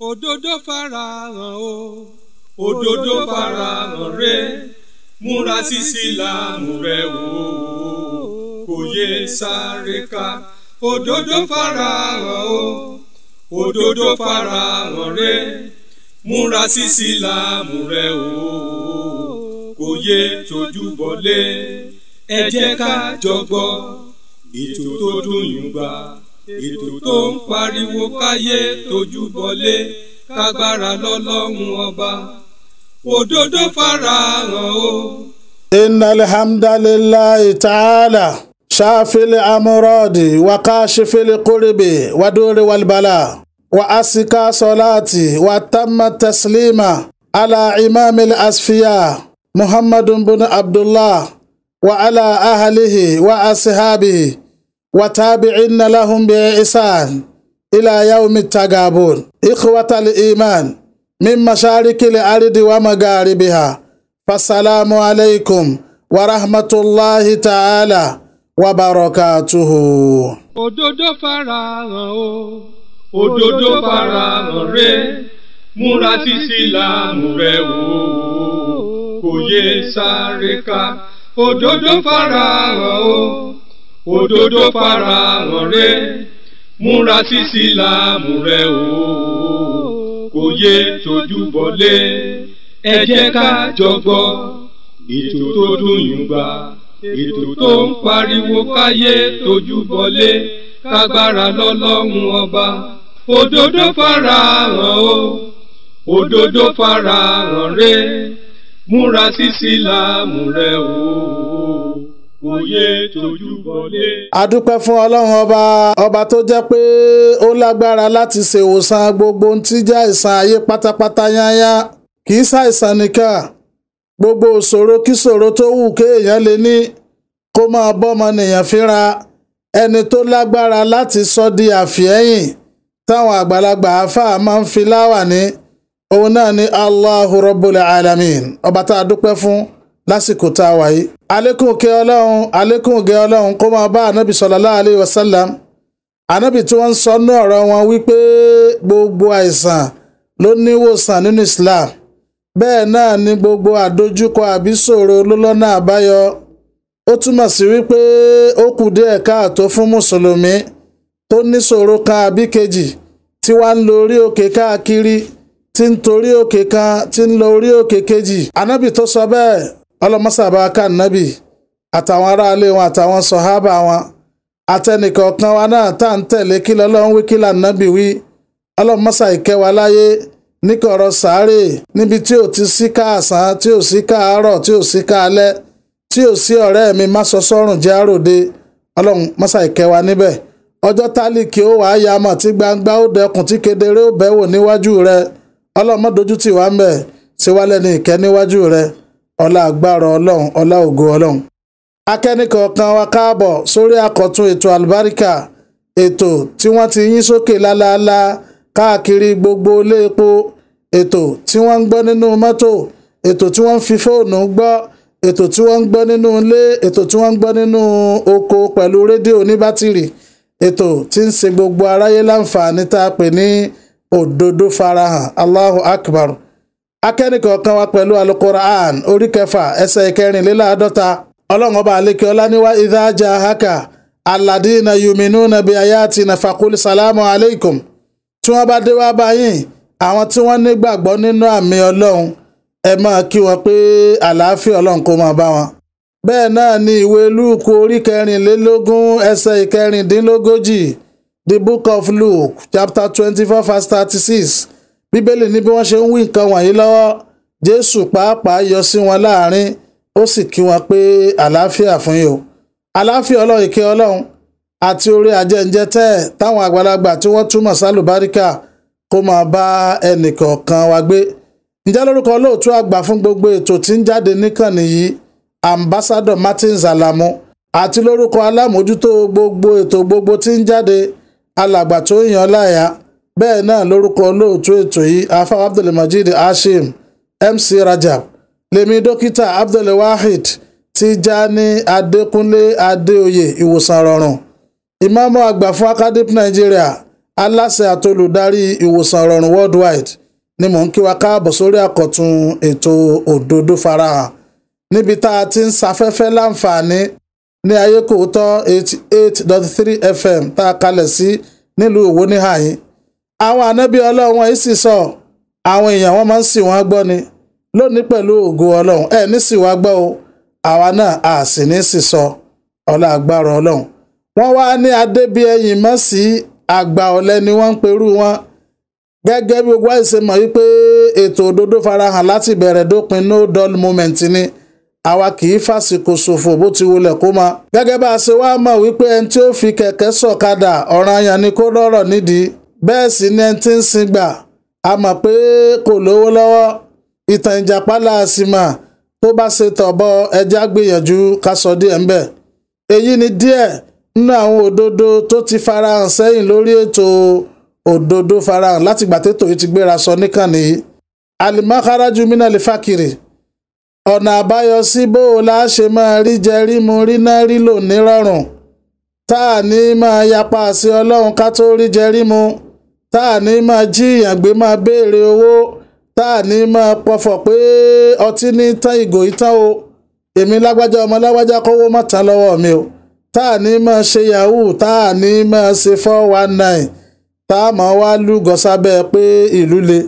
òdodo farahàn o òdodo farahàn rẹ múra sí Ìsìlámù rẹ wò kò yé sáré ká òdodo farahàn o òdodo farahàn rẹ múra sí Ìsìlámù rẹ wò ó kò yé tójú bọlé ẹ jẹ́ ká jọ gbọ́ ètò tó dùn yín gbà ètò tó ń pariwo káyé tójú bọlé kágbára lọ́lọ́run ọba òdodo farahàn o. innal hamdalillahi ta'ala ṣáfìlì amúrọ́ọ̀dì wàkàṣífìlì kúrìbì wàdúrì wàlbàlà wa asika sọláàtì wa tamma taslima ala imaamil asfiya muhammadun bin abdullah wa ala ahalihi wa asihabihi. وتابعين لهم بإحسان إلى يوم التقابل إخوة الإيمان من مشارق الأرض ومغاربها فالسلام عليكم ورحمة الله تعالى وبركاته òdodo farahàn o òdodo farahàn rẹ múra títí láàmú rẹ wò kò yé sáré ká òdodo farahàn o òdodo farahàn rẹ múra sí síláàmù rẹ o kò yé tójú bọlé ẹ jẹ́ ká jọgbọ ètò tó dùn yùn gbà ètò tó ń pariwo káyé tójú bọlé kágbára lọ́lọ́run ọba òdodo farahàn o òdodo farahàn rẹ múra sí síláàmù rẹ o. Oyè tójú bọ̀lé. fún Ọlọ́run ọba ọba tó jẹ́ pé ó lágbára láti ṣe ìwòsàn gbogbo ohun tí jẹ́ àìsàn ayé pátápátá yányá kì í ṣàìsàn nìkan gbogbo òṣòro kíṣòro tó wù kéèyàn lè ní kó máa bọ́mọ nìyàn fínra ẹni tó lágbára láti sọ di àfihẹ́yìn táwọn àgbàlagbà àáfàá máa ń fi láwà ní òun náà ni Allahu Rabbul Alamin ọba tá a dúpẹ́ fún. lásìkò tá a wà yìí àlékún kẹ ọlọ́run àlékún gẹ ọlọ́run kó máa bá anabi sallallahu alayhi wa sallam anabi tí wọ́n ń sọ ní ọ̀rọ̀ wọn wípé gbogbo àìsàn ló níwòsàn nínú islam bẹ́ẹ̀ náà ni gbogbo àdójúkọ àbí ṣòro ló lọ́nà àbáyọ ó túmọ̀ sí wípé ó kù díẹ̀ káàtó fún mùsùlùmí tó níṣòro kan àbí kejì tí wàá ń lo orí òkè káàkiri tí ń torí òkè kan tí ń lo orí òkè kejì anabi tó sọ bẹ́ẹ̀ ọlọ́mọ́sà bá ká nábì àtàwọn aráalé wọn àtàwọn sọ̀hábà wọn àtẹnìkọ̀ọ̀kan wa náà tá à ń tẹ̀lé kí lọ́lọ́run wí kí lànàbì wí ọlọ́mọ́sà ìkẹwà láyé níkọ̀rọ̀ sàárè níbi tí ò ti sí káàsán tí ò sí káàárọ̀ tí ò sí káalẹ́ tí ò sí ọ̀rẹ́ mi má sọ sọ́rùn jẹ́ àròde ọlọ́run mọ́sà ìkẹwà níbẹ̀ ọjọ́ tálíkì ó wàá ya mọ̀ tí gbangba ó dẹkùn tí kedere ó bẹ̀wò níwájú rẹ ọlọ́run má dojú tì wá ń bẹ̀ ṣe wá lẹ́ni níwájú rẹ. ọlá agbára ọlọ́run ọlá ògo ọlọ́run. akẹ́nìkọ̀ọ̀kan wa káàbọ̀ sórí àkọ́tún ètò àlùbáríkà ètò tí wọ́n ti yín sókè lálaalá káàkiri gbogbo ilé epo ètò tí wọ́n ń gbọ́ nínú mọ́tò ètò tí wọ́n ń fi fóònù gbọ́ ètò tí wọ́n ń gbọ́ nínú ilé ètò tí wọ́n ń gbọ́ nínú oko pẹ̀lú rédíò ní bátìrì ètò tí ń ṣe gbogbo aráyé láǹfààní tá a pè ní òdodo farahàn Allahu Akbar akẹ́nìkọ̀ọ̀kan wa pẹ̀lú alukur'an orí kẹfà ẹsẹ̀ ìkẹrìnléláàádọ́ta ọlọ́run ọba àlekè ọláníwá ìdájà haka aladina yuminuna bi ayati na fakuli salamu aleikum tí wọ́n bá dé wá báyìí àwọn tí wọ́n nígbàgbọ́ nínú àmì ọlọ́run ẹ máa kí wọn pé àlàáfíà ọlọ́run kó máa bá wọn. bẹ́ẹ̀ náà ni ìwé lúùkù orí kẹrìnlélógún ẹsẹ̀ ìkẹrìndínlógójì the book of luke chapter twenty-four verse thirty-six bíbélì ní bí wọ́n ṣe ń wí nǹkan wọ̀nyí lọ́wọ́ jésù pàápàá yọ sí wọn láàrin ó sì kí wọn pé àlàáfíà fún yín o àlàáfíà ọlọ́run ìkẹ́ ọlọ́run àti orí ajẹ́njẹ́ tẹ́ ẹ̀ táwọn àgbàlagbà tí wọ́n túmọ̀ sálùbáríkà kó máa bá ẹnìkọ̀ọ̀kan wa gbé ǹjẹ́ lórúkọ olóòtú àgbà fún gbogbo ètò tí ń jáde níkànnì yìí ambassador Martins Alamu àti lórúkọ alámòjútó gbogbo ètò gbogbo tí ń jáde alàgbà Tóyìn Ọláìyá bẹ́ẹ̀ náà lórúkọ olóòtú ètò yìí afa abdulmajid hashim mc rajab lèmi dókítà abdulwahid tijani adékúnlé adéoyè ìwòsàn rọrùn ìmáàmù àgbà fún academic nigeria aláṣẹ àtolùdarí ìwòsàn rọrùn worldwide ni mò ń kí wa káàbọ̀ sórí àkọ́tún ètò òdodo farahàn níbi tá a ti ń safẹ́fẹ́ láǹfààní ní ayékòótọ́ eighty eight dot three fm tá a kalẹ̀ sí nílùú òwò níhàyín àwọn ànábì ọlọ́run wọn sì sọ àwọn èèyàn wọn máa ń sì wọn gbọ́ ni lónìí pẹ̀lú ògo ọlọ́run ẹ̀ ní sì wá gbọ́ o àwa náà a sì ní sì sọ ọlá agbára ọlọ́run wọ́n wá ní adébíyẹyìn mọ́ sí àgbà ọ̀lẹ ni wọ́n ń perú wọn gẹ́gẹ́ bí gbogbo àìsè mọ̀ wípé ètò òdodo farahàn láti bẹ̀rẹ̀ dópin no dull moment ni àwa kì í fàsìkò ṣòfò bó ti wulẹ̀ kó ma. gẹ́gẹ́ bá a ṣe wá mọ̀ wípé ẹni tí ó fi kẹ̀kẹ́ sọ̀kadà ọ̀ranyàn ni kó lọ́rọ̀ nídìí bẹ́ẹ̀ sì ni ẹni tí ń sin gbà a mọ̀ pé kò lówó lọ́wọ́ ìtàn ìjàpá láàsìmọ̀ tó bá ṣe tọ̀bọ ẹja gbìyànjú ká sọ díẹ̀ ńbẹ̀ èyí ni díẹ̀ nínú àwọn òdodo tó ti farahàn sẹ́yìn lórí ètò òdodo farahàn látìgbà tètò yìí ti gbéra sọ níkànnì yìí alimakaraju mina lè ọ̀nà àbáyọ sí bó la ṣe máa rí jẹ rí mu rí ná rí lò nírọ̀rùn tá a ní máa yapa sí ọlọ́run ká tó rí jẹ rí mu. tá à ní máa jíyàn gbé máa béèrè owó tá à ní máa pọfọ̀ pé ọtí ní tán ìgò ìtàn o èmi lágbájá ọmọ lágbájá kówó má tán lọ́wọ́ mi o tá à ní máa ṣe yahoo tá à ní máa ṣe four one nine tá a máa wá lúgọ sábẹ́ pé ìlú le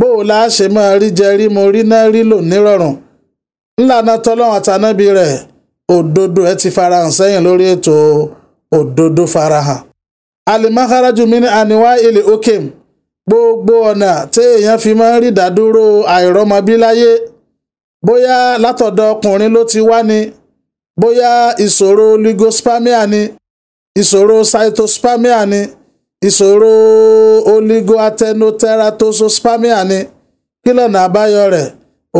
bó la ṣe máa rí jẹ rí mo rí náà rí lò nírọ̀rùn ńlànà tọ́lọ́run àtànábì rẹ̀ òdodo ẹ ti farahàn sẹ́yìn lórí ètò òdodo farahàn. alimakaraju mi ni àníwá ilé òkè gbogbo ọ̀nà tí èèyàn fi máa ń rí ìdádúró àìrọ́mọbí láyé bóyá látọ̀dọ̀ ọkùnrin ló ti wá ni bóyá ìṣòro oligospermia ni ìṣòro cytospermia ni ìṣòro oligoathenoteratosospermia ni kí lọ́nà àbáyọ rẹ̀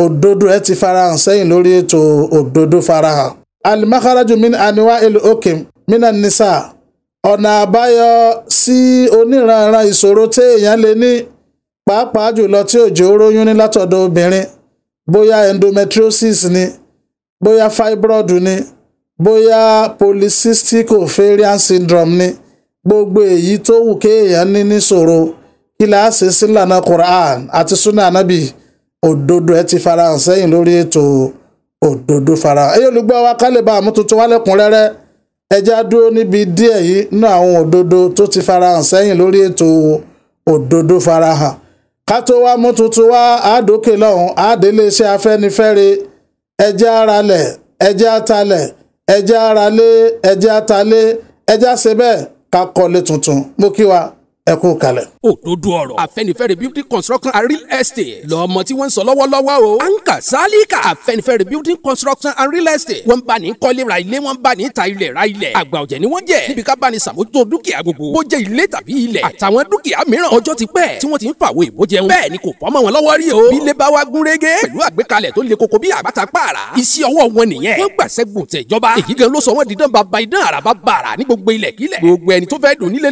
òdodo ẹ ti farahàn sẹ́yìn lórí ètò òdodo farahàn. alimakaraju mi ni àníwá ilé òkè mi náà nisa. ọ̀nà àbáyọ sí oníranran ìṣòro téèyàn lè ní pàápàá jùlọ tí òjò róyún ní látọ̀dọ̀ obìnrin bóyá endometriosis ni bóyá fibroid ni bóyá polycystic ovarian syndrome ni gbogbo èyí tó wù kéèyàn ní níṣòro kí la ṣe Quran àti sunnah anabi òdodo ẹ ti farahàn seyin lórí ètò òdodo farahàn. ẹ̀yin olùgbọ́ wa ká lè bá àmú wálẹ̀kùnrẹ́rẹ́ ẹja dúró níbi díẹ̀ yìí nínú àwọn òdodo tó ti farahàn sẹ́yìn lórí ètò òdodo farahàn ká tó wá mú tuntun wá àádókè lọ́hùn àádéléeṣẹ́ afẹ́nifẹ́re ẹja aralẹ̀ ẹja atalẹ̀ ẹja aralé ẹja atalé ẹja ṣe ká kọ́lé tuntun mo kí wa ẹ kú kalẹ̀. òdodo ọ̀rọ̀ àfẹnifẹ́re building construction and real estate lọ́mọ tí wọ́n ń sọ lọ́wọ́lọ́wọ́ o. anka salika àfẹnifẹ́re building construction and real estate. wọ́n bá ní kọ́lé ra ilé wọ́n bá ní ta ilẹ̀ ra ilẹ̀. àgbà ọ̀jẹ̀ ni wọ́n jẹ́. níbi ká bá ní sàmójútó dúkìá gbogbo. bó jẹ́ ilé tàbí ilẹ̀. àtàwọn dúkìá mìíràn. ọjọ́ ti pẹ́ tí wọ́n ti ń fàwọ́ ìbò bẹ́ẹ̀ ni kò fọ́mọ wọn lọ́wọ́ rí o. bí ilé bá wá koko bí àbáta pààrà. iṣẹ́ ọwọ́ wọn nìyẹn. wọ́n gbàṣẹ́ gbùn tẹ̀ di dán baba idán àràbá bàrà ní gbogbo ilẹ̀ kílẹ̀. gbogbo ẹni tó fẹ́ dùn nílé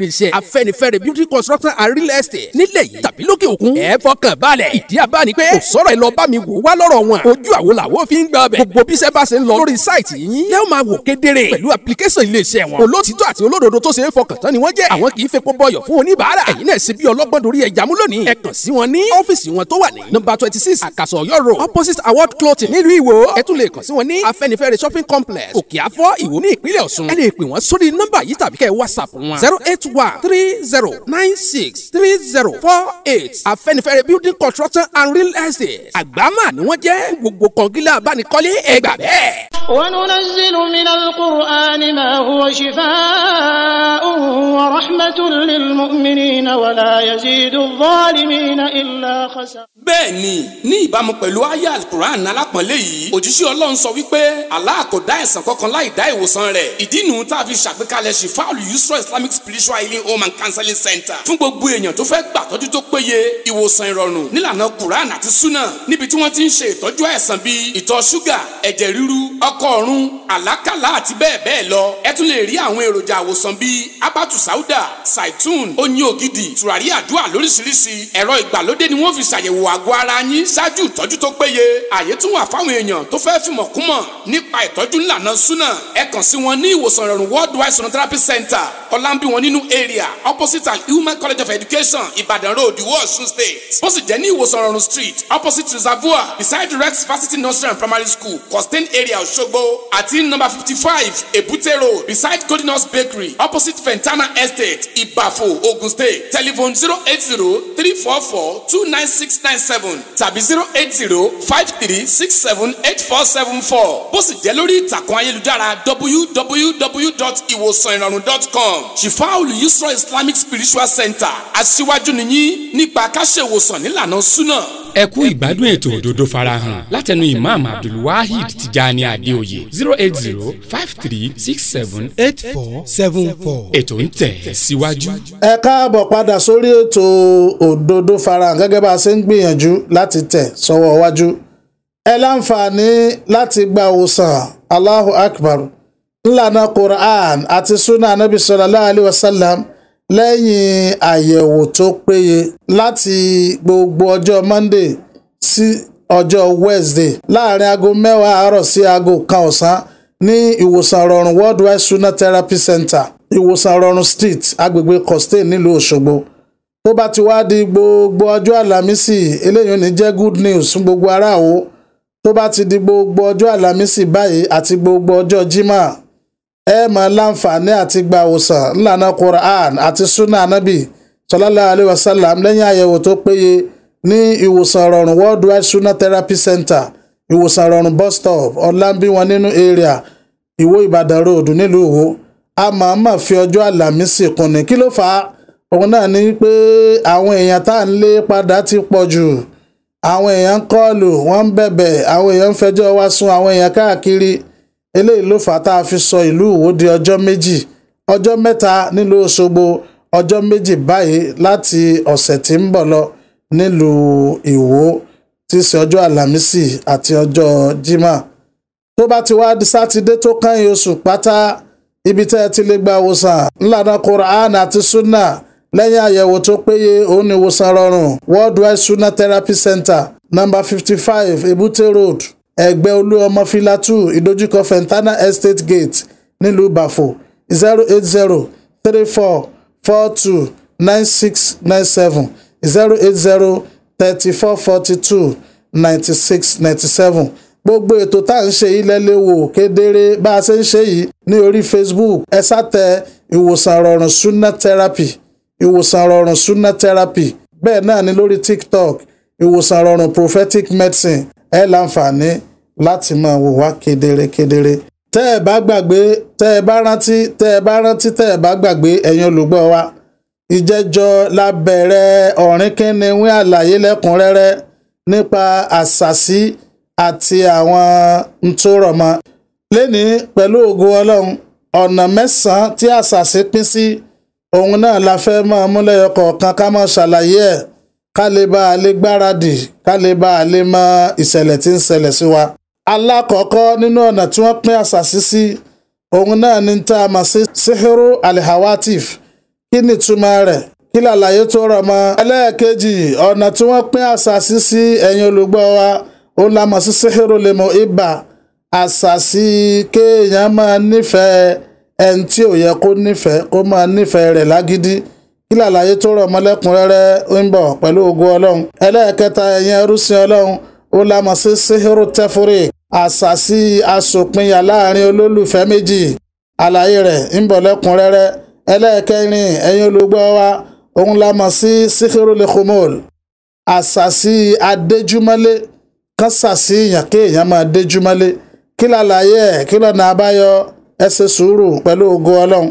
iléeṣẹ́ afẹ́nifẹ́re beauty construction and real estate nílẹ̀ yìí tàbí lókè òkun ẹ fọkàn balẹ̀ ìdí àbá ni pé kò sọ̀rọ̀ ẹ lọ bá mi wò wá lọ́rọ̀ wọn ojú àwo làwo fi ń gbà bẹ̀ gbogbo bí sẹ́ bá ṣe ń lọ lórí sáìtì yín lẹ́ ó máa wò kedere pẹ̀lú application iléeṣẹ́ wọn olótìtọ́ àti olódodo tó ṣe é fọkàn tán ni wọ́n jẹ́ àwọn kì í fepo bọyọ̀ fún oníbàárà ẹ̀yin náà ṣe bí ọlọ́gbọ́n dorí ẹja mú lónìí ẹ kàn sí wọn ní ọ́fíìsì wọn tó wà ní nọ́mbà twenty six àkàsọ̀ ọ̀yọ́ opposite award clothing nílùú ìwò ẹ tún lè kàn sí wọn shopping complex òkè àfọ́ ìwò ní ìpínlẹ̀ ọ̀ṣun ẹ lè whatsapp wọn zero eight one three zero nine six three zero four eight Afẹ́nifẹ́re building construction and real estate àgbámà ni wọ́n jẹ́ gbogbo kọ̀ǹgílà abánikọ́lé ẹgbà bẹ́ẹ̀. وننزل من القرآن ما هو شفاء ورحمة للمؤمنين ولا يزيد الظالمين إلا خسارا. bẹ́ẹ̀ni ní ìbámu pẹ̀lú àyá alukur'an alápọ̀nlé yìí òjíṣẹ́ Ọlọ́run sọ wípé Allah dá ẹ̀san kankan láì dá ìwòsàn rẹ̀ ìdí nù tá a fi ṣàgbékalẹ̀ ṣìfáàlù yusra islamic spiritual healing home and counseling center fún gbogbo èèyàn tó fẹ́ gbàtọ́jú tó péye ìwòsàn ìrọ̀rùn nílànà quran àti sunna níbi tí wọ́n ti ń ṣe ìtọ́jú àìsàn bíi ìtọ̀ ṣúgà ẹ̀jẹ̀ ríru ọkọ̀ ọ̀run àlákàlà àti bẹ́ẹ̀ bẹ́ẹ̀ lọ ẹ tún lè rí àwọn èròjà àwòsàn bíi abatu sauda saitun oyin ògidì tùràrí àdúrà lóríṣiríṣi ẹ̀rọ ìgbàlódé ni wọ́n fi ṣàyẹ̀wò àgọ́ ara yín ṣáájú ìtọ́jú tó péye àyè tún wà fáwọn èèyàn tó fẹ́ fìmọ̀kúmọ̀ nípa ìtọ́jú ńlànà sunna ẹ kàn sí wọn ní ìwòsàn ìrọ̀rùn worldwide sonotherapy center ọ̀làǹbí wọn nínú area opposite Ahuman College of Education Ibadan Road Iwo Osun State ó sì jẹ́ ní ìwòsàn ọ̀run street opposite reservoir beside Rex Varsity Nursery and Primary School Costain area Òṣogbo àti number fifty five Èbúté Road beside Goldenus Bakery opposite Fentana Estate Ìbàfò Ogun State telephone zero eight zero three four four two nine six nine seven tàbí zero eight zero five three six seven eight four seven four bó sì jẹ́ lórí ìtàkùn ayélujára www.iwosanirorun.com ṣìfáàlù Yusra Islamic Spiritual Center aṣíwájú nìyí nípa káṣẹ́wòsàn nílànà súnà. ẹ kú ìgbádùn ètò òdodo farahàn látẹnu imam abdulwahid tijani adeoye zero eight zero five three six seven eight four seven four ètò ń tẹ̀ síwájú. ẹ káàbọ̀ padà sórí ètò òdodo farahàn gẹ́gẹ́ bá a ṣe ń gbìyànjú láti tẹ̀ sọ́wọ́ wájú ẹ láǹfààní láti gba òòsàn Allahu Akbar ńlànà quran àti sunnah anabi sallallahu alayhi wa sallam lẹ́yìn àyẹ̀wò tó péye láti gbogbo ọjọ́ monday sí ọjọ́ wednesday láàrin aago mẹ́wàá àárọ̀ sí aago kan ọ̀sán ní ìwòsàn rọrùn worldwide sunnah therapy center ìwòsàn rọrùn street agbègbè costain nílùú òṣogbo tó bá ti wá di gbogbo ọjọ́ àlàmísì eléyìí ò ní good news fún gbogbo aráàwọ̀ tó bá ti di gbogbo ọjọ́ àlàmísì báyìí àti gbogbo ọjọ́ jimá ẹ máa láǹfààní àti gba àwòsàn ńlànà quran àti sunna anabi sallallahu alayhi wa sallam lẹ́yìn àyẹ̀wò tó péye ní ìwòsàn rọrùn worldwide sunna therapy center ìwòsàn rọrùn bus stop ọ̀làǹbíwọ̀n nínú area ìwó ìbàdàn road nílùú ìwó a máa máa fi ọjọ́ àlàmísì kùnì kí ló fà á òun náà ni pé àwọn èèyàn tá à ń lé padà ti pọ̀ jù àwọn èèyàn ń kọ́ọ̀lù wọ́n ń bẹ̀bẹ̀ àwọn èèyàn ń fẹjọ́ wá sùn àwọn èèyàn káàkiri eléyìí ló fà á tá a fi sọ ìlú Ìwó di ojo méjì ojo meta nílùú osogbo ojo méjì báyìí láti ose tí ń bọ̀ lọ nílùú Ìwó tí í alamisi ọjọ́ Àlàmísì àti ọjọ́ Jímà tó bá ti wá di sátidé tó kányìn oṣù pátá ibi tẹ́ ẹ ti lè gba ìwòsàn ńlànà Quran àti sunna lẹ́yìn àyẹ̀wò tó péye òun ni ìwòsàn rọrùn Worldwide Sunna Therapy Center number fifty five Ebute Road ẹgbẹ́ olú fila two ìdojúkọ fentana estate gate nílùú bafo. zero eight zero three four four two nine six nine seven zero eight zero thirty four forty two ninety six ninety seven gbogbo ètò tá à ń ṣe yìí lẹ́lẹ́ wò kedere bá a ṣe ń ṣe yìí ní orí facebook ẹ sátẹ ìwòsàn rọrùn sunna therapy ìwòsàn rọrùn sunna therapy bẹ́ẹ̀ náà ni lórí tiktok ìwòsàn rọrùn prophetic medicine ẹ láǹfààní láti máa wò wá kedere kedere tẹ́ ẹ bá gbàgbé tẹ́ ẹ bá rántí tẹ́ ẹ bá rántí tẹ́ ẹ bá gbàgbé ẹ̀yin olùgbọ́ wa ìjẹ́jọ́ la bẹ̀rẹ̀ ọ̀rìn kínníwí àlàyé lẹ́kùnrẹ́rẹ́ nípa àṣàsí àti àwọn ntòrọ̀mọ́ lẹ́ni pẹ̀lú ògo ọlọ́run ọ̀nà mẹ́sàn-án tí àṣàsí pín sí òun náà la fẹ́ máa mú lẹ́yọ kọ̀ọ̀kan ká máa ṣàlàyé ẹ̀ ká lè bá a lè gbáradì ká lè bá a lè mọ ìṣẹ̀lẹ̀ tí ń ṣẹlẹ̀ sí wa alákọ̀ọ́kọ́ nínú ọ̀nà tí wọ́n pín àṣàṣì sí òun náà ní tá a mọ̀ sí sihiru alihawatif kí ni ìtumọ̀ rẹ̀ kí làlàyé tó rọ̀ mọ́. ẹlẹ́ẹ̀kejì ọ̀nà tí wọ́n pín àṣàṣì sí ẹ̀yin olùgbọ́ wa òun la mọ̀ sí sihiru lemo ibà àṣàṣì kéèyàn máa nífẹ̀ẹ́ ẹni tí ò yẹ kó nífẹ̀ẹ́ kó máa nífẹ̀ẹ́ rẹ̀ lágídí kí làlàyé tó rọ̀ mọ́ lẹ́kùnrẹ́rẹ́ ń bọ̀ pẹ̀lú ògo ọlọ́run ẹlẹ́ẹ̀kẹta ẹ̀yin ẹrú sí ọlọ́run ó la mọ̀ sí sihiru tẹ́fúrì àṣàsí asòpinya láàrin olólùfẹ́ méjì àlàyé rẹ̀ ń bọ̀ lẹ́kùnrẹ́rẹ́ ẹlẹ́ẹ̀kẹrin ẹ̀yin olùgbọ́ wa òun la mọ̀ sí síkírùlẹ̀ kòmọ́ọ̀lù àṣàsí adéjúmọ́lé kan ṣàṣì èèyàn kí èèyàn máa déjúmọ́lé kí làlàyé ẹ̀ kí lọ́nà àbáyọ ẹ ṣe sùúrù pẹ̀lú ògo ọlọ́run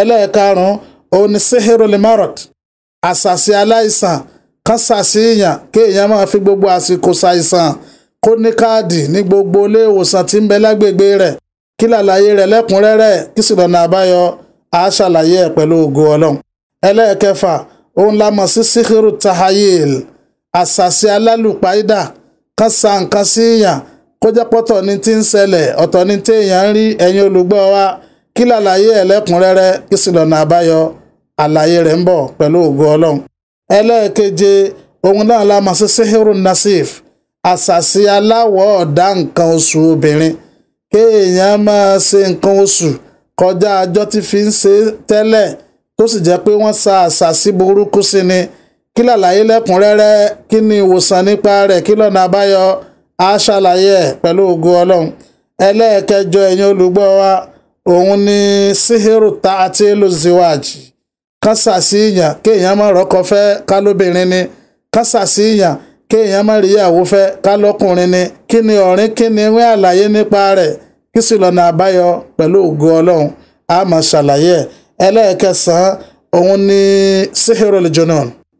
ẹlẹ́ẹ̀karùn-ún òun ni síkírùlẹ̀ mọ́rọ̀t aláìsàn kan ṣàṣì èèyàn kí èèyàn máa fi gbogbo àsìkò ṣàìsàn kó ní káàdì ní gbogbo ilé ìwòsàn tí ń bẹ lágbègbè rẹ̀ kí làlàyé rẹ̀ lẹ́kùnrẹ́rẹ́ kí sì lọ́nà àbáyọ á ṣàlàyé ẹ̀ pẹ̀lú ògo ọlọ́run. ẹlẹ́ẹ̀kẹfà òun la mọ̀ sí sikiru tahayil àṣàṣe alálùpàídà kan sa nǹkan sí èèyàn kó jẹ́ pọ́tọ̀ ní ti ń ṣẹlẹ̀ ọ̀tọ̀ ní ti èèyàn ń rí ẹ̀yin olùgbọ́ wa kí làlàyé ẹ̀ lẹ́kùnrẹ́rẹ́ kí sì lọ́nà àbáyọ àlàyé rẹ̀ ń bọ̀ pẹ̀lú ògo ọlọ́run. ẹlẹ́ẹ̀keje òun náà la mọ̀ sí sikiru nasif àṣàṣì aláwọ̀ ọ̀dà nǹkan oṣù obìnrin kéèyàn máa ṣe nǹkan oṣù kọjá ajọ́ tí fi ń ṣe tẹ́lẹ̀ tó sì jẹ́ pé wọ́n sa àṣàṣì burúkú ni kí làlàyé lẹ́kùnrẹ́rẹ́ kí ni ìwòsàn nípa rẹ̀ kí lọ́nà àbáyọ á ṣàlàyé ẹ̀ pẹ̀lú ògo ọlọ́run ẹlẹ́ẹ̀kẹjọ ẹ̀yin olùgbọ́ wa òun ni síhírù ta àti lùzíwájì kásà sí ìyàn kéèyàn má rọ́kọ fẹ́ kálóbìnrin ni kásà kéèyàn má rí ìyàwó fẹ́ ká lọ́kùnrin ni kí ni ọ̀rìn kí ni àlàyé nípa rẹ̀ kí sì lọ́nà àbáyọ pẹ̀lú ògo ọlọ́run a máa ṣàlàyé ẹ̀ ẹlẹ́ẹ̀kẹsàn-án òun ni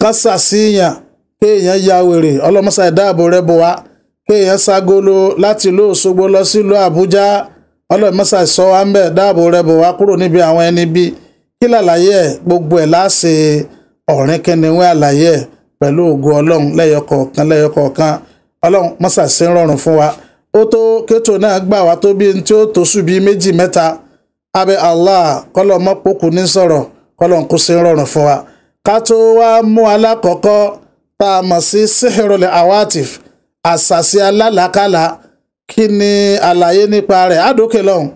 kásà síyàn ya wèrè ọlọ́mọṣà ìdáàbò rẹ̀ bò wá kéèyàn ságolo láti ìlú Òṣogbo lọ sílùú Àbújá ọlọ́mọṣà ìsọ wa ń bẹ̀ dáàbò bò gbogbo ẹ̀ láṣẹ ọ̀rìn pẹ̀lú ògo ọlọ́run lẹ́yọkọ̀ọ̀kan lẹ́yọkọ̀ọ̀kan ọlọ́run mọ́sàsí rọrùn fún wa ó tó kétò náà gbà wá tó bí tí ó tó ṣùbí méjì mẹ́ta abẹ́ allah kọ́lọ̀ mọ́pòkù ní sọ̀rọ̀ kọ́lọ̀ sí rọrùn fún wa ká tó wá mú tá a mọ̀ sí awatif àṣàṣì àlàyé nípa rẹ̀ àdókè lọ́hùn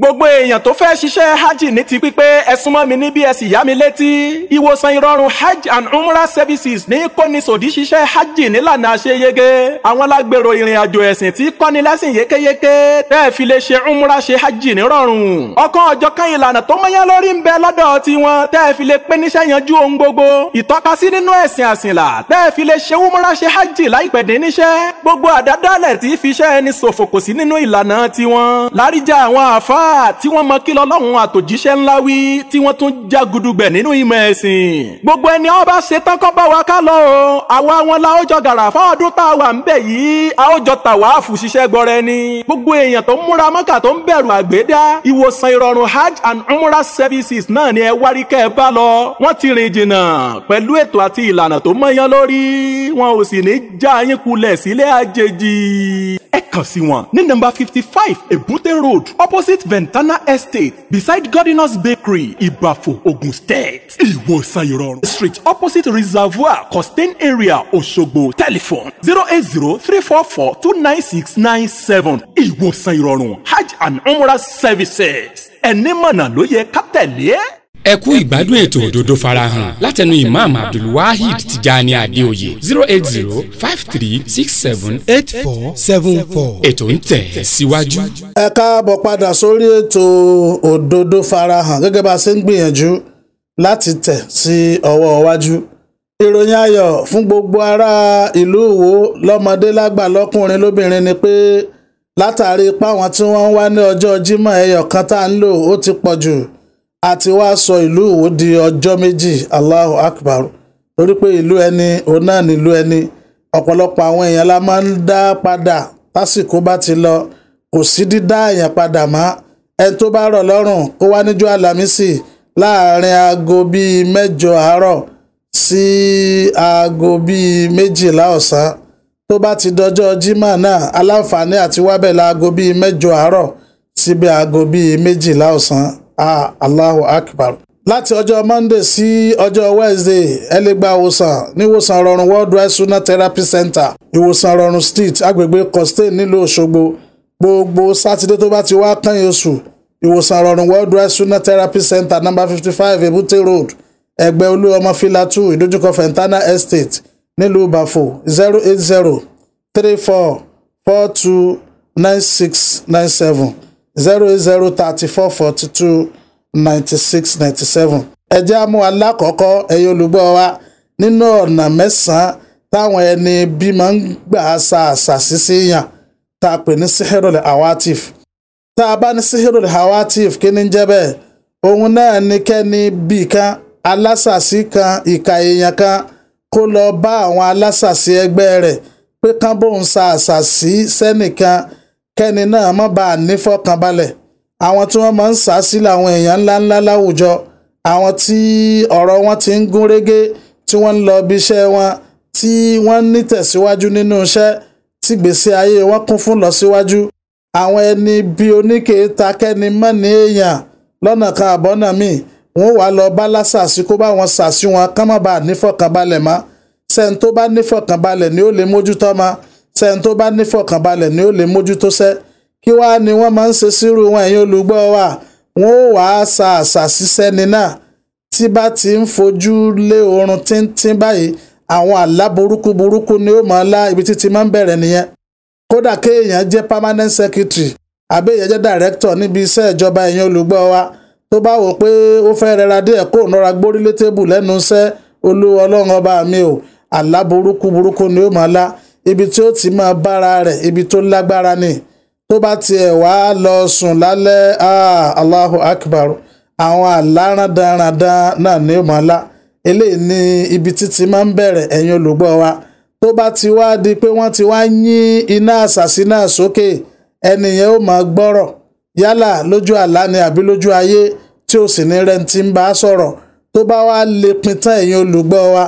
gbogbo èèyàn tó fẹ́ ṣiṣẹ́ hajj ní ti pípé ẹ súnmọ́ mi níbí ẹ sì mi létí ìwòsàn ìrọ̀rùn hajj and umra services ní kónisòdì ṣiṣẹ́ hajj nílànà àṣeyege àwọn lágbèrò ìrìn àjò ẹ̀sìn tí kọ́ni lẹ́sìn yékéyéké tẹ́ ẹ fi lè ṣe umrah ṣe hajj nírọ̀rùn ọ̀kan ọ̀jọ̀kan ìlànà tó mọ́yán lórí ń bẹ lọ́dọ̀ tiwọn tẹ́ ẹ fi lè pé níṣẹ́ yanjú ohun gbogbo ìtọ́kasí nínú ẹ̀sìn àsìnlà tẹ́ ẹ fi lè ṣe umrah ṣe hajj láìpẹ́ dín níṣẹ́ tí wọ́n mọ kí lọ́lọ́run àtòjíṣẹ́ ńlá wí tí wọ́n tún jagudugbẹ̀ nínú ìmọ̀ ẹ̀sìn. gbogbo ẹni ó bá ṣe tán kó bá wa ká lọ o àwa wọn la ó jọ gàrà fọ́ọ̀dún tá a wà ń bẹ̀ yìí a ó jọ tàwáàfù ṣiṣẹ́ gbọrẹ ni. gbogbo èèyàn tó ń múra mọ́kà tó ń bẹ̀rù àgbédá ìwòsàn ìrọ̀rùn hajj and umrah services náà ni ẹ wárí kẹ́ ẹ bá lọ. wọ́n ti rìn jìnnà pẹ̀lú ètò àti ìlànà tó mọ́yán lórí wọn ò sì ní já yín kulẹ̀ sílé àjèjì. ẹ kàn sí wọn ní nọ́mbà fifty five Èbúté road opposite Ventana Estate beside Gardeners Bakery, Ibafo, Ogun State. Iwo ìrọ̀rùn. Street opposite Reservoir, Costain Area, Oshogbo. Telephone 080 344 29697. Iwo four Hajj and Umrah Services. Ẹni mọ̀nà ló ẹ kú ìgbádùn ètò òdodo farahàn látẹnu imam abdulwahid tijani adeoye zero eight zero five three six seven eight four seven four ètò ń tẹ̀ síwájú. ẹ káàbọ̀ padà sórí ètò òdodo farahàn gẹ́gẹ́ bá a ṣe ń gbìyànjú láti tẹ̀ sí ọwọ́ iwájú. ìròyìn ayọ̀ fún gbogbo ará ìlú Ìwó lọ́mọdé lágbà lọ́kùnrin lóbìnrin ni pé látàrí ipá wọn tí wọ́n ń wá ní ọjọ́ Jímọ̀ ẹyọ kan tá à ń lò ó ti pọ̀ jù àti wá sọ ìlú Ìwó di ọjọ́ méjì Allahu Akbar torí pé ìlú ẹni òun náà nílùú ẹni ọ̀pọ̀lọpọ̀ àwọn èèyàn la máa ń dá padà lásìkò bá ti lọ kò sí dídá èèyàn padà mọ́ ẹni tó bá rọ̀ lọ́rùn kó wá níjọ́ àlàmísì láàrin aago bíi mẹ́jọ àárọ̀ sí aago bíi méjìlá ọ̀sán tó bá ti dọjọ́ jimá náà aláǹfààní àti wábẹ̀ láago bíi mẹ́jọ àárọ̀ síbi aago bíi méjìlá ọ̀sán. alakb lati ojmonde si ojo weesdey Therapy niwoson wodre sona Street pesenta iwos ron steeti agbegbecostel nlo sogbo gboo gboo satorde tobet1 iwos ron wadsone tera Therapy Centre No. 55 ebute rod egbe loma fila t2 dojucofentana stati nlubefo 80 42 9697. 0034429697 ẹ jẹ́ á mú alákọ̀ọ́kọ́ ẹ̀yin olùgbọ́ wa nínú ọ̀nà mẹ́sàn-án táwọn ẹni bí máa ń gbà sa àṣàṣì sí yàn tá a pè ní sihirul hawatif tá a bá ní sihirul hawatif kí ni jẹ́ bẹ́ẹ̀ òun náà ni kẹ́ni bí kan alásàsí kan ìka èèyàn kan kó lọ bá àwọn alásàsí ẹgbẹ́ rẹ̀ pé kán bóun sa àṣàṣì sẹ́nìkan kẹ́ni náà má bàa nífọ̀kànbalẹ̀ àwọn tí wọ́n máa ń sá sí làwọn èèyàn ńláńlá láwùjọ àwọn tí ọ̀rọ̀ wọn ti ń gún régé tí wọ́n ń lọ ibi iṣẹ́ wọn tí wọ́n ń nítẹ̀síwájú nínú iṣẹ́ tí gbèsè ayé wọn kún fún lọ́síwájú àwọn ẹni bíi oníke takẹ́ni mọ́ni èèyàn lọ́nà kan àbọ́nà míì wọ́n wàá lọ bá lásàsí kó bá wọn sàsí wọn kán má bàa nífọ̀kànbalẹ̀ mọ́ sẹ́ni tó bá nífọ̀kànbalẹ̀ ni ó lè mójútó máa sẹ́ni tó bá nífọ̀kànbalẹ̀ ni ó lè mójútó sẹ́ kí wàá ni wọ́n máa ń ṣe sírú wọn ẹ̀yin olùgbọ́ wa wọn ó wàá sa àṣà ṣiṣẹ́ ni náà tí bá ti ń fojú lé oorun tíntín báyìí àwọn àlá burúkú burúkú ni ó máa lá ibi títí máa ń bẹ̀rẹ̀ nìyẹn kódà kéèyàn jẹ́ permanent secretary àbí èèyàn jẹ́ director níbi iṣẹ́ ìjọba ẹ̀yin olùgbọ́ wa tó bá wò pé ó fẹ́ rẹra díẹ̀ kó nọra gbórílé tébù lẹ́nu iṣẹ́ olú ọlọ́run ọba mi o àlá burúkú burúkú ni ó máa lá ibi tí ó ti máa bára rẹ̀ ibi tó lágbára ni tó bá tiẹ̀ wá lọ sùn lálẹ́ ah, aláhu Akbar àwọn àlá rádaràdan náà ní mọ́lá eléyìí ni ibi títí máa ń bẹ̀rẹ̀ ẹ̀yin olùgbọ́ wa tó bá ti wá di pé wọ́n ti wá yín iná àṣàṣì náà sókè yẹn ó máa gbọ́rọ̀ yálà lójú àlá ni àbí lójú ayé tí ó sì ní rẹ́ntì ń bá sọ̀rọ̀ tó bá wá lè pin tán ẹ̀yin olùgbọ́ wa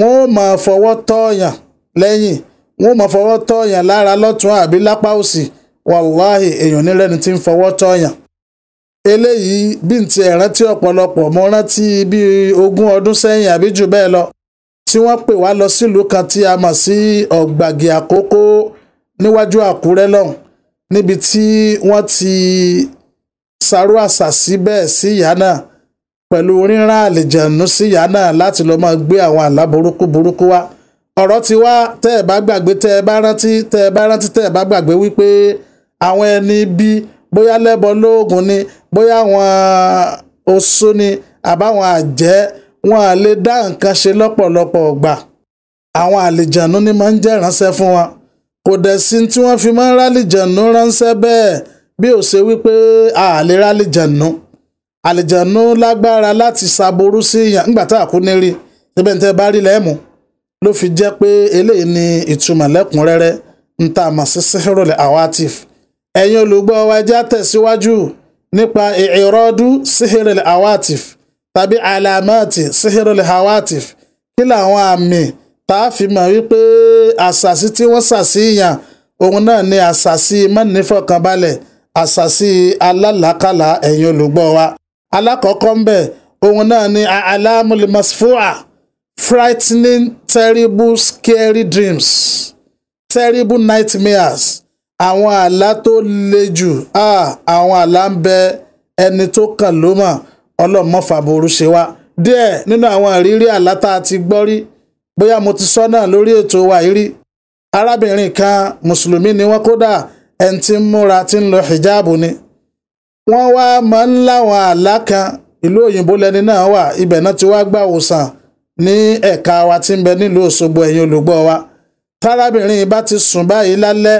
wọ́n ó máa fọwọ́ tọ́ọ̀yàn lẹ́yìn wọn ò mọ̀ fọwọ́ tọ̀yàn lára lọ́tún àbí lápá òsì wàláhì èèyàn nírẹ́ni tí ń fọwọ́ tọ̀yàn. eléyìí bí n ti rántí ọ̀pọ̀lọpọ̀ mo rántí bíi ogún ọdún sẹ́yìn àbí jù bẹ́ẹ̀ lọ tí wọ́n pè wá lọ sílùú kan tí a mọ̀ sí ọ̀gbàgì àkókó níwájú àkúrẹ́ lọ́hùn níbi tí wọ́n ti sarú àṣà sí sí ìyá náà pẹ̀lú rírán àlìjẹ̀nú sí ìyá náà láti lọ́ọ́ máa gbé àwọn àlá burúkú burúkú wá ọ̀rọ̀ ti wá tẹ́ ẹ bá gbàgbé tẹ́ ẹ bá rántí tẹ́ ẹ bá rántí tẹ́ ẹ bá gbàgbé wípé àwọn ẹni bí bóyá lẹ́bọ lóògùn ni bóyá àwọn oṣó ni àbáwọn àjẹ́ wọn à lè dá nǹkan ṣe lọ́pọ̀lọpọ̀ ọ̀gbà àwọn àlìjànú ni máa ń jẹ́ ìránṣẹ́ fún wọn kò dẹ̀ sí tí wọ́n fi máa ń rálìjànú ránṣẹ́ bẹ́ẹ̀ bí ò ṣe wípé a lè rálìjànú àlìjànú lágbára láti ṣàbòrú sí ìyàn nígbà tá a kú ní rí síbẹ̀ ní tẹ́ bá rí lẹ́mùú ló fi jẹ́ pé eléyìí ni ìtumọ̀ lẹ́kùnrẹ́rẹ́ ń tà mọ̀ sí sihirul awatif ẹ̀yin olùgbọ́ wa jẹ́ nípa ìrọ́dú sihirul awatif tàbí alamati sihirul awatif kí làwọn àmì tá a fi mọ̀ wípé àṣàṣì tí wọ́n ṣàṣìyàn òun náà ni àṣàṣì mọ́nìfọ̀kànbalẹ̀ àṣàṣì alálàákàlà ẹ̀yin olùgbọ́ wa alákọ̀ọ́kọ́ ń bẹ̀ òun náà ni alamul masfu'a frightening terrible scary dreams terrible nightmares àwọn àlá tó le jù àwọn àlá ń bẹ ẹni tó kàn ló mọ̀ ọlọ́mọfàbòrú ṣe wá díẹ̀ nínú àwọn ìrírí àlá tá a ti gbọ́ rí bóyá mo ti sọ náà lórí ètò wa yìí rí arábìnrin kan mùsùlùmí ni wọ́n kódà ẹni tí ń múra tí ń lọ hijabu ni wọ́n wá máa ń láwọn àlá kan ìlú òyìnbó lẹni náà wà ibẹ̀ náà ti wá gbà wòsàn ní ẹ̀ka wa tí ń bẹ nílùú Òṣogbo ẹ̀yin olùgbọ́ wa tárábìnrin bá ti sùn báyìí lálẹ́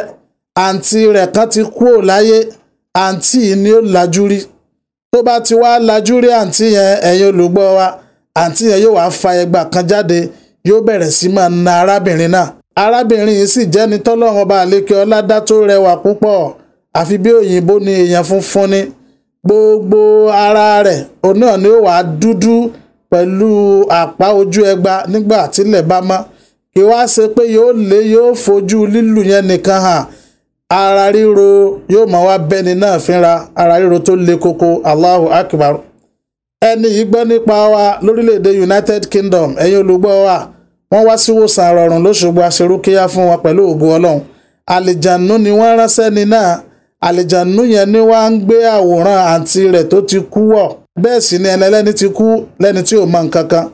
àǹtí rẹ̀ kan ti kúrò láyé àǹtí ni ó lajú rí tó bá ti wá lajú rí àǹtí yẹn ẹ̀yin olùgbọ́ wa àǹtí yẹn yóò wá fa ẹgbà kan jáde yóò bẹ̀rẹ̀ sí máa na arábìnrin náà arábìnrin yìí sì jẹ́ni tọ́lọ́run ọba àlékè ọládá tó rẹwà púpọ̀ àfi bí òyìnbó ni èèyàn funfun ni gbogbo ara rẹ̀ òun náà ni ó wàá dúdú pẹ̀lú àpá ojú ẹgba nígbà tílẹ̀ bá mọ́ kí wá ṣe pé yóò lé yóò fojú lílù yẹn nìkan hàn ara ríro yóò máa wá bẹ́ni náà fínra ara ríro tó le koko Allahu Akbar ẹni yìí gbọ́ nípa wa lórílẹ̀‐èdè United Kingdom ẹ̀yin olùgbọ́ wa wọ́n wá sí wòsàn rọrùn lóṣogbo àṣerúkíyá fún wọn pẹ̀lú ògo Ọlọ́run àlìjànú ni wọ́n ránṣẹ́ ni náà àlìjànú yẹn ni wọ́n á ń gbé àwòrán àǹtí rẹ̀ tó ti kú wọ̀ bẹ́ẹ̀ sì ni ẹni ẹlẹ́ni ti kú lẹ́ni tí ò mọ nǹkan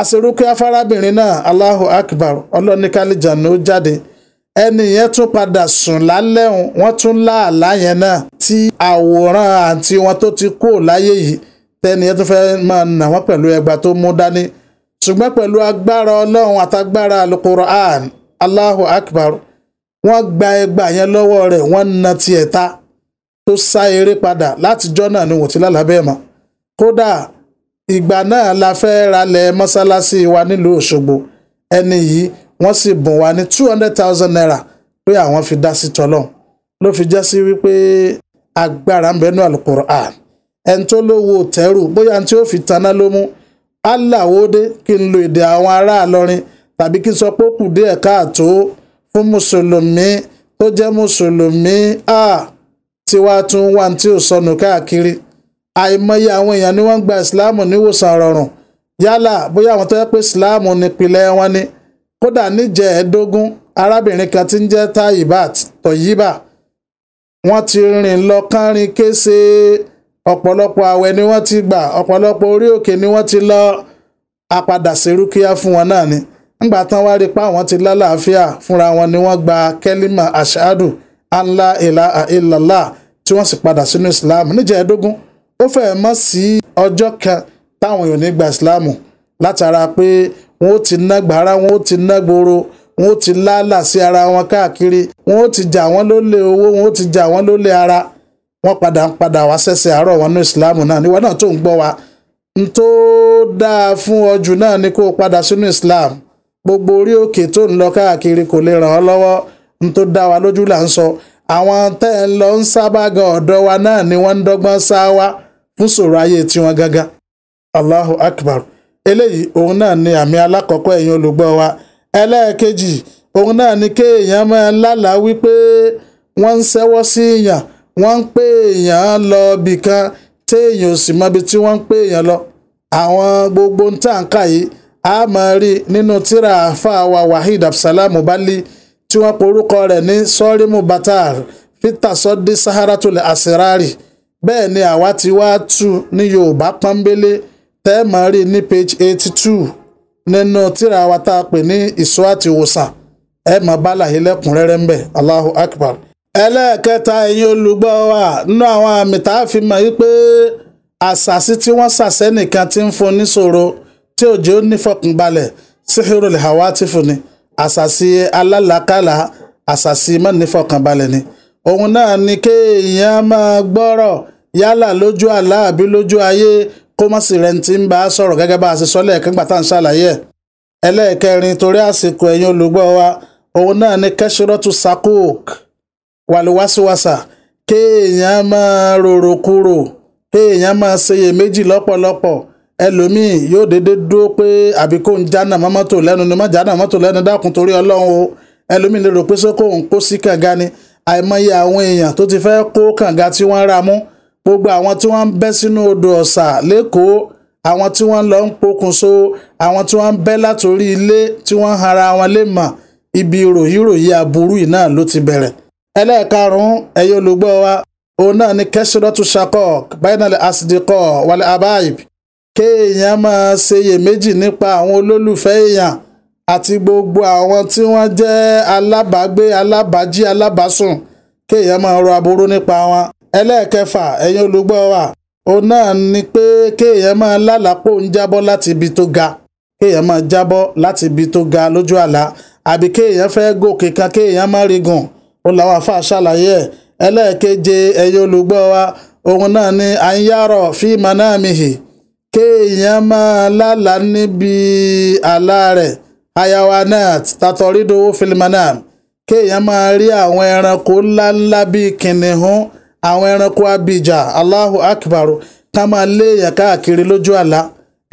àṣerúkẹ́ afárábìnrin náà Allahu Akbar ọlọ́nikálíjànú jáde ẹni yẹn tún padà sùn lálẹ́ òun wọ́n tún láàlá yẹn náà tí àwòrán àǹtí wọn tó ti kú láyé yìí tẹ́ni yẹn tún fẹ́ máa nà wọ́n pẹ̀lú ẹgbà tó mú dání ṣùgbọ́n pẹ̀lú agbára ọlọ́run àtagbára alukur'an Allahu Akbar wọ́n gba ẹgbà yẹn lọ́wọ́ rẹ̀ wọ́n na tiẹ̀ ta tó sá eré padà látijọ́ náà ni wọ́n ti lálàá bẹ́ẹ̀ mọ́ kódà ìgbà náà la fẹ́ ralẹ̀ mọ́sálásí wa nílùú Òṣogbo ẹni yìí wọ́n sì bùn wa ní two hundred thousand naira pé àwọn fi dá sí tọ́lọ̀ ló fi já sí wípé agbára ń bẹnu Al-Qur'an ẹni tó lówó tẹ́rù bóyá tí ó fi taná ló mú aláwòde kí n lo èdè àwọn ará Ìlọrin tàbí kí n sọ pé ó kù díẹ̀ káàtó fún mùsùlùmí tó jẹ́ mùsùlùmí a. Ah tí wàá tún wà tí ò sọnù káàkiri àìmọye àwọn èèyàn ni wọ́n ń gba ìsìláàmù níwòsàn rọrùn yálà bóyá àwọn tó yẹ pé ìsìláàmù nípìnlẹ̀ wọn ni kódà níjẹ́ ẹ̀ẹ́dógún arábìnrin kan ti ń jẹ́ Taibat Tọ̀yíbà wọ́n ti rìn lọ kánrin kése ọ̀pọ̀lọpọ̀ àwẹ̀ ni wọ́n ti gbà ọ̀pọ̀lọpọ̀ orí òkè ni wọ́n ti lọ apàdà serúkíá fún wọn náà ni ńgbà tán wá rí i pé àwọn ti lálàáfíà fúnra wọn ni wọ́n gba kẹ́límà àṣáàdù anla ilaha illallah tí wọ́n sì padà sínú islam níjẹ̀ẹ́dógún ó fẹ́ẹ́ mọ́ sí ọjọ́ kan táwọn èèyàn ní islam látara pé wọn ó ti ná gbàrà wọn ó ti ná gbòòrò wọn ó ti lálà sí ara wọn káàkiri wọn ó ti jà wọn lólè owó wọn ó ti jà wọn lólè ara wọn padà ń padà wá sẹ́sẹ̀ àárọ̀ wọn ní islam náà níwọ náà tó ń gbọ́ wa n tó dáa fún ọjù náà ni kó o padà sínú islam gbogbo orí òkè tó ń lọ káàkiri kò lè ràn ọ́ lọ́wọ́ n tó dá wa lójú là ń sọ àwọn tẹ́ ń lọ ń sábàgà wa náà ni wọ́n ń dọ́gbọ́n sá wa fún sòrò ayé tiwọn gangan allahu akbar eléyìí òun náà ni àmì alákọ̀ọ́kọ́ ẹ̀yin olùgbọ́ wa ẹlẹ́ẹ̀kejì òun náà ni kéèyàn máa lálàá wípé wọ́n ń ṣẹ́wọ́ sí èèyàn wọ́n ń pè èèyàn lọ ò sì mọbi tí wọ́n ń pè èèyàn lọ àwọn gbogbo ń tàǹkà yìí a rí nínú Absalam tí wọ́n porúkọ rẹ̀ ní sọ́rímù batar fitasọ́dé saharatulẹ̀ asirari bẹ́ẹ̀ ni àwa ti wá tú ní yorùbá pọ́nbélé tẹ́ẹ̀mọ́ rí ní page eighty two nínú tíra wa tá a pè ní ìsọ́ àti ìwòsàn ẹ mọ̀ bálàyé lẹ́kùnrẹ́rẹ́ ń allahu akbar. ẹlẹ́ẹ̀kẹta ẹ̀yin olùgbọ́ wa nínú àwọn àmì tá a fi mọ̀ yí pé àṣàṣì tí wọ́n ṣàṣẹ́ nìkan ti ń fún níṣòro tí òjò nífọ̀kànbalẹ̀ síhìrò lè hàwá ti fún ni. Soror, asasi alalakala asasi mánífọkànbalẹ̀ ni òun náà ni kéèyàn máa gbọ́rọ̀ yálà lójú àlá àbí lójú ayé kó má sì rẹntì ń bá a sọ̀rọ̀ gẹ́gẹ́ bá a ṣe sọ lẹ́ẹ̀kan gbà tá à ń ṣàlàyé ẹ̀ ẹlẹ́ẹ̀kẹrin torí àsìkò ẹ̀yin olùgbọ́ wa òun náà ni kẹ́sìrọ́tù sakuk wàlúwàsíwàsà kéèyàn máa rorò kéèyàn máa ṣeyèméjì lọ́pọ̀lọpọ̀ ẹlòmíì yóò dédé dúró pé àbí kóun jáná mọ́ mọ́tò lẹ́nu ni má jáná mọ́tò lẹ́nu dákun torí ọlọ́run o ẹlòmíì lè rò pé ṣé kóun kó sí kànga ni àìmọye àwọn èèyàn tó ti fẹ́ kó kànga tí wọ́n ra mú gbogbo àwọn tí wọ́n ń bẹ́ sínú odò ọ̀sà lẹ́kọ̀ọ́ àwọn tí wọ́n lọ ń pokùnso àwọn tí wọ́n ń bẹ́ látòrí ilé tí wọ́n hara wọn lè mọ̀ ibi ròyìnròyìn aburú yìí náà ló ti bẹ̀rẹ̀. ẹlẹ́ẹ̀karùn-ún ẹ̀yọ́ olùgbọ́ wa òun náà ni kẹ́sìrọ́tù ṣakọ́ bainal asidikọ́ wàlẹ̀ abaib kéèyàn máa ṣeyèméjì nípa àwọn olólùfẹ́ èèyàn àti gbogbo àwọn tí wọ́n jẹ́ alábàágbé alábàájí alábàásùn kéèyàn máa rọ aburú nípa wọn. ẹlẹ́ẹ̀kẹfà ẹ̀yin olùgbọ́ wa òun náà ni pé kéèyàn máa lálàpọ̀ ń jábọ́ láti ibi tó ga kéèyàn máa jábọ́ láti ibi tó ga lójú àlá àbí kéèyàn fẹ́ gòkè kan kéèyàn má rí gùn ó làwọn àfa ṣàlàyé ẹ̀ ẹlẹ́ẹ̀keje ẹ̀yin olùgbọ́ wa òun náà ni à ń yàrọ̀ fí manamihi kéèyàn máa lálà níbi àlá rẹ̀ hayawanat tatoridowo filimanam kéèyàn máa rí àwọn ẹranko ńláńlá bíi kìnìún àwọn ẹranko abìjà Allahu akbar ká máa léèyàn káàkiri lójú àlá